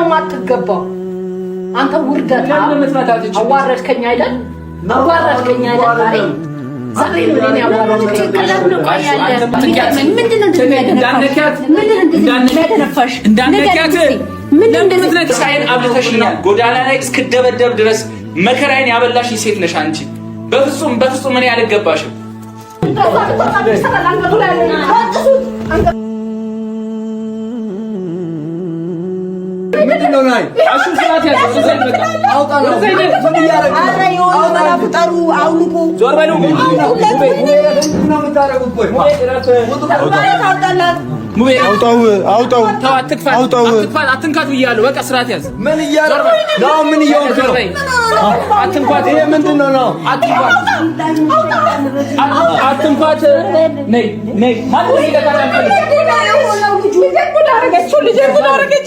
የማትገባው አንተ ውርደት አዋረድከኝ አይደል? አዋረድከኝ አይደል? ዛሬ ምን ያዋረድከኝ? ምንድን ነው ጎዳና ላይ እስክደበደብ ድረስ መከራዬን ያበላሽ ሴት ነሽ አንቺ። በፍጹም በፍጹም እኔ አልገባሽም። ምንድነው ናይ አሹ ስራት ያዘ ሙቤ አውጣው አውጣው አትክፋት አውጣው አትንካት ብያለሁ በቃ ስራት ያዝ ምን እያረግ ነው ምን እየወክ ነው አትንኳት ይሄ ምንድነው ነው አትንኳት አትንኳት ነይ ነይ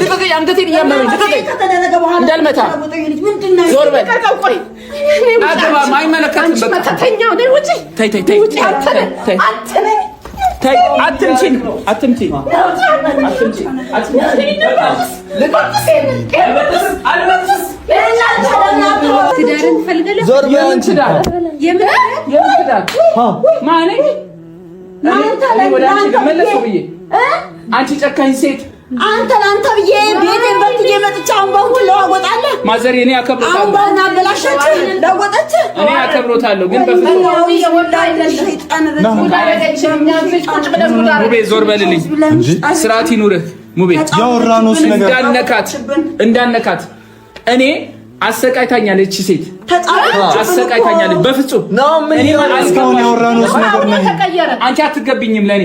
ልቀቀኝ! አንገቴን እያመመኝ ልቀቀኝ! እንዳልመታ ዞር በል! አንቺ ጨካኝ ሴት አንተ ለአንተ ብዬ ቤቴን በትዬ መጥቼ አንጓን ሁሉ ለዋወጣለህ። ማዘር እኔ አከብሮታለሁ። አንጓን አበላሸች ለወጠች። እኔ አከብሮታለሁ ግን በፍጹም ሙቤ ዞር በልልኝ። ስርዓት ይኑርህ ሙቤ። ያወራነውስ ነገር እንዳነካት እንዳነካት እኔ አሰቃይታኛለች እቺ ሴት አሰቃይታኛለች። በፍጹም እኔ አስካውን ያወራነውስ ነገር ነው። አንቺ አትገብኝም ለእኔ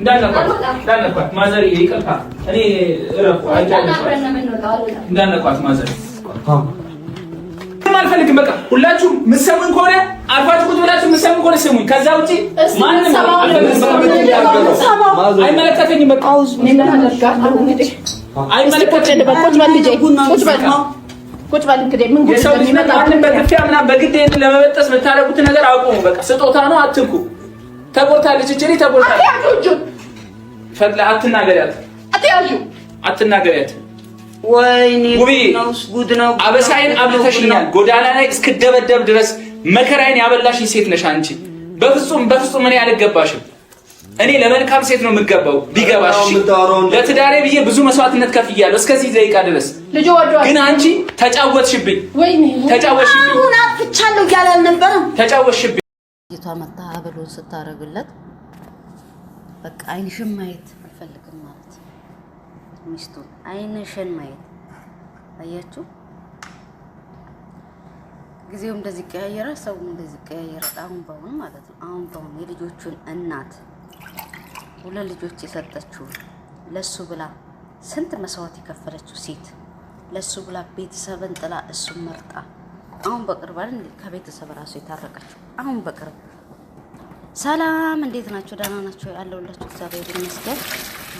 እንዳነኳት ማዘር ይቅርታ፣ እኔ እረፉ እንዳነኳት ማዘር አልፈልግም። በቃ ሁላችሁ የምትሰሙኝ ከሆነ አልፋችሁ ቁጭ ብላችሁ የምትሰሙኝ ከሆነ ስሙኝ። ከዛ ውጪ ማንም አይመለከተኝም። በቃ ምናምን በግድ ለመበጠስ የምታደርጉት ነገር አቁሙ። በቃ ስጦታ ነው፣ አትንኩ። ተጎድታለች። እቺ ልጅ ተጎድታለች። ፈላ አትናገሪያት፣ አትናገሪያት። አበሳይን አብልተሽኛል። ጎዳና ላይ እስክደበደብ ድረስ መከራይን ያበላሽኝ ሴት ነሽ አንቺ። በፍጹም በፍጹም እኔ አልገባሽም። እኔ ለመልካም ሴት ነው የምገባው። ቢገባሽ ለትዳሬ ብዬ ብዙ መስዋዕትነት ከፍያለሁ እስከዚህ ደቂቃ ድረስ ግን አንቺ ተጫወትሽብኝ፣ ተጫወትሽብኝ። ልጅቷ መታ ሀብሉን ስታደርግለት በቃ አይንሽን ማየት አልፈልግም ማለት ሚስቱን አይንሽን ማየት አያችሁ። ጊዜው እንደዚህ ቀያየረ፣ ሰው እንደዚህ ቀያየረ። አሁን በአሁኑ ማለት ነው። አሁን በአሁኑ የልጆቹን እናት ሁለት ልጆች የሰጠችው ለሱ ብላ ስንት መስዋዕት የከፈለችው ሴት ለሱ ብላ ቤተሰብን ጥላ እሱን መርጣ አሁን በቅርብ አይደል ከቤተሰብ ራሱ የታረቀችው አሁን በቅርብ። ሰላም እንዴት ናቸው? ደህና ናቸው ያለውላችሁ? እግዚአብሔር ይመስገን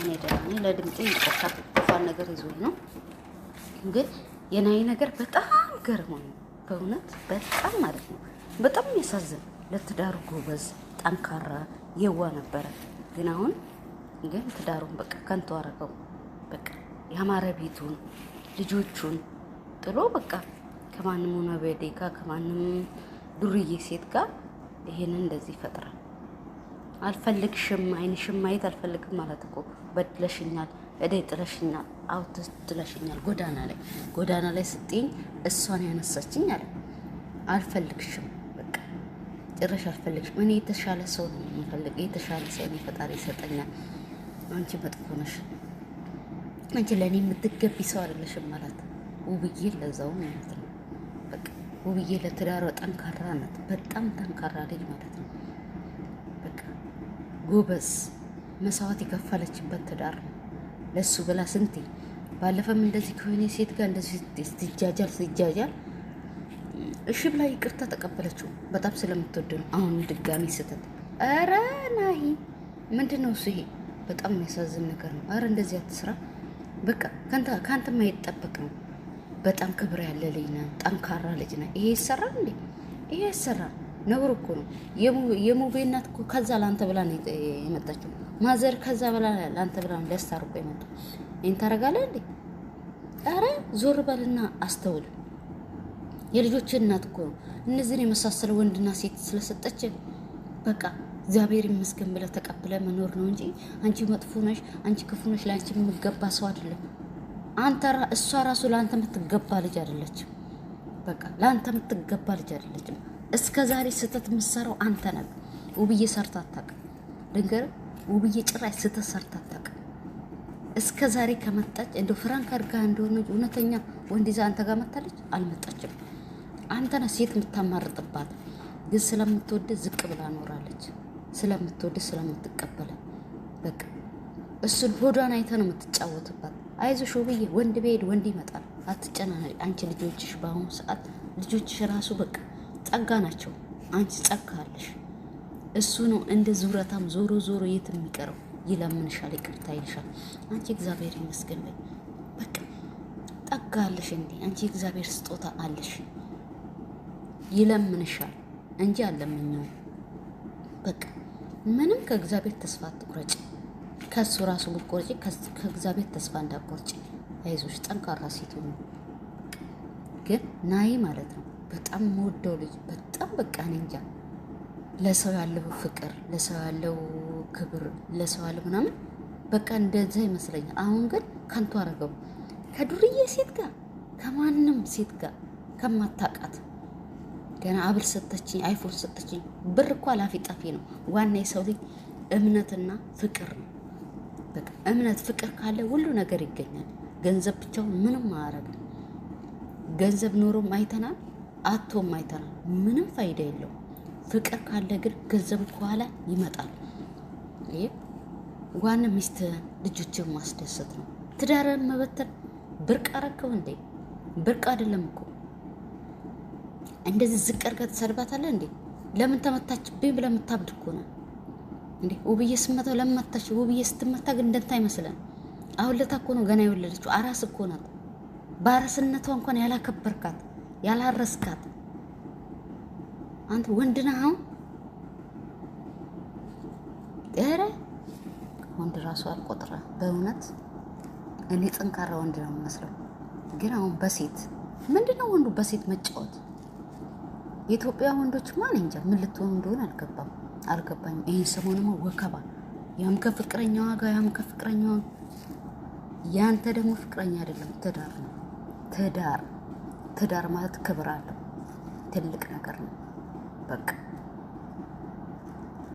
እኔ ደህና ነኝ። ለድምጤ ይቆፋል ቆፋል ነገር ይዞኝ ነው። ግን የናይ ነገር በጣም ገርሞኝ በእውነት በጣም ማለት ነው በጣም የሚያሳዝን ለትዳሩ ጎበዝ ጠንካራ የዋ ነበረ። ግን አሁን ግን ትዳሩን በቃ ከንቱ አረገው። በቃ የአማረ ቤቱን ልጆቹን ጥሎ በቃ ከማንም ወንበዴ ጋር ከማንም ዱርዬ ሴት ጋር ይሄንን እንደዚህ ይፈጥራል። አልፈልግሽም፣ አይንሽም ማየት አልፈልግም ማለት እኮ በድለሽኛል፣ እደይ ጥለሽኛል፣ አውት ትለሽኛል። ጎዳና ላይ ጎዳና ላይ ስጤኝ እሷን ያነሳችኝ አለ። አልፈልግሽም፣ በቃ ጭራሽ አልፈልግሽም። እኔ የተሻለ ሰው ነው የምፈልግ፣ የተሻለ ሰው እኔ ፈጣሪ ይሰጠኛል። አንቺ መጥፎ ነሽ፣ አንቺ ለእኔ የምትገቢ ሰው አይደለሽም ማለት ውብዬ፣ ለዛውም ማለት ነው ውብዬ ለትዳሯ ጠንካራ ናት። በጣም ጠንካራ ልጅ ማለት ነው። በቃ ጎበዝ፣ መስዋዕት የከፈለችበት ትዳር ነው ለሱ ብላ ስንቴ። ባለፈም እንደዚህ ከሆነ ሴት ጋር እንደዚህ ስትጃጃል ስትጃጃል እሺ ብላ ይቅርታ ተቀበለችው፣ በጣም ስለምትወድ ነው። አሁን ድጋሚ ስተት። ኧረ ናሂ ምንድን ነው እሱ? ይሄ በጣም የሚያሳዝን ነገር ነው። ኧረ እንደዚህ አትስራ። በቃ ከአንተ ጠበቅ ነው። በጣም ክብር ያለ ልጅ ነህ፣ ጠንካራ ልጅ ነ ይሄ ይሰራ እንዴ? ይሄ ይሰራ ነውር እኮ ነው። የሙቤ እናት እኮ ከዛ ለአንተ ብላ ነው የመጣችው። ማዘር ከዛ ብላ ለአንተ ብላ ነው ደስታ አርጎ ይህን ታደርጋለህ እንዴ? ኧረ ዞር በልና አስተውል። የልጆች እናት እኮ ነው። እነዚህን የመሳሰለ ወንድና ሴት ስለሰጠች በቃ እግዚአብሔር ይመስገን ብለህ ተቀብለህ መኖር ነው እንጂ አንቺ መጥፎ ነሽ፣ አንቺ ክፉ ነሽ፣ ለአንቺ የሚገባ ሰው አይደለም። አንተ እሷ ራሱ ለአንተ የምትገባ ልጅ አይደለችም። በቃ ለአንተ የምትገባ ልጅ አይደለችም። እስከ ዛሬ ስህተት የምትሰራው አንተ ነህ። ውብዬ ሰርታ አታውቅም። ድንገር ውብዬ ጭራሽ ስህተት ሰርታ አታውቅም። እስከ ዛሬ ከመጣች እንደ ፍራንክ አድርጋ እንደሆነ እውነተኛ ወንድ ይዛ አንተ ጋር መታለች አልመጣችም። አንተ ነህ ሴት የምታማርጥባት። ግን ስለምትወድ ዝቅ ብላ ኖራለች። ስለምትወድ ስለምትቀበለ በቃ እሱን ሆዷን አይተ ነው የምትጫወትባት። አይዞሽ ውብዬ፣ ወንድ ብሄድ ወንድ ይመጣል፣ አትጨናነቂ። አንቺ ልጆችሽ በአሁኑ ሰዓት ልጆችሽ ራሱ በቃ ጸጋ ናቸው። አንቺ ጸጋ አለሽ። እሱ ነው እንደ ዙረታም ዞሮ ዞሮ የት የሚቀረው? ይለምንሻል፣ ይቅርታ ይልሻል። አንቺ እግዚአብሔር ይመስገን በቃ ጸጋ አለሽ እንዴ! አንቺ እግዚአብሔር ስጦታ አለሽ። ይለምንሻል እንጂ አለምኛው። በቃ ምንም ከእግዚአብሔር ተስፋ አትቁረጭ። ከሱ ራሱ ብትቆርጪ ከእግዚአብሔር ተስፋ እንዳቆርጭ አይዞሽ፣ ጠንካራ ሴት ሆኑ። ግን ናይ ማለት ነው በጣም የምወደው ልጅ በጣም በቃ እኔ እንጃ ለሰው ያለው ፍቅር፣ ለሰው ያለው ክብር፣ ለሰው ያለው ምናምን በቃ እንደዛ ይመስለኛል። አሁን ግን ከንቱ አረገው ከዱርዬ ሴት ጋር ከማንም ሴት ጋር ከማታቃት ገና አብር ሰጠችኝ፣ አይፎን ሰጠችኝ። ብር እኮ አላፊ ጠፊ ነው። ዋና የሰው ልጅ እምነትና ፍቅር ነው። በቃ እምነት፣ ፍቅር ካለ ሁሉ ነገር ይገኛል። ገንዘብ ብቻውን ምንም ማረግ ገንዘብ ኖሮም አይተናል፣ አቶም አይተናል። ምንም ፋይዳ የለው። ፍቅር ካለ ግን ገንዘብ ከኋላ ይመጣል። ይህ ዋን ሚስት ልጆችን ማስደሰት ነው። ትዳርን መበተን ብርቅ አረከው እንዴ? ብርቅ አይደለም እኮ እንደዚህ ዝቅ አድርጋ እንዴ? ለምን ተመታችብኝ ብለህ የምታብድ እኮ ነው። እንዴ ውብዬ ስመተው ለመታች ውብዬ ስትመታ ግን ደንታ አይመስለን። አሁን ለታ እኮ ነው ገና የወለደችው አራስ እኮ ናት። በአራስነቷ እንኳን ያላከበርካት ያላረስካት አንተ ወንድ ነህ። አሁን ኧረ ወንድ ራሱ አልቆጥረ በእውነት እኔ ጠንካራ ወንድ ነው የምመስለው፣ ግን አሁን በሴት ምንድነው ወንዱ በሴት መጫወት የኢትዮጵያ ወንዶች ማን እንጃ ምን ልትሆኑ እንደሆነ አልገባም አልገባኝም። ይህን ሰሞኑን ወከባ ያም ከፍቅረኛዋ ጋር ያም ከፍቅረኛዋ ያንተ ደግሞ ፍቅረኛ አይደለም ትዳር ነው። ትዳር ትዳር ማለት ክብር አለው። ትልቅ ነገር ነው በቃ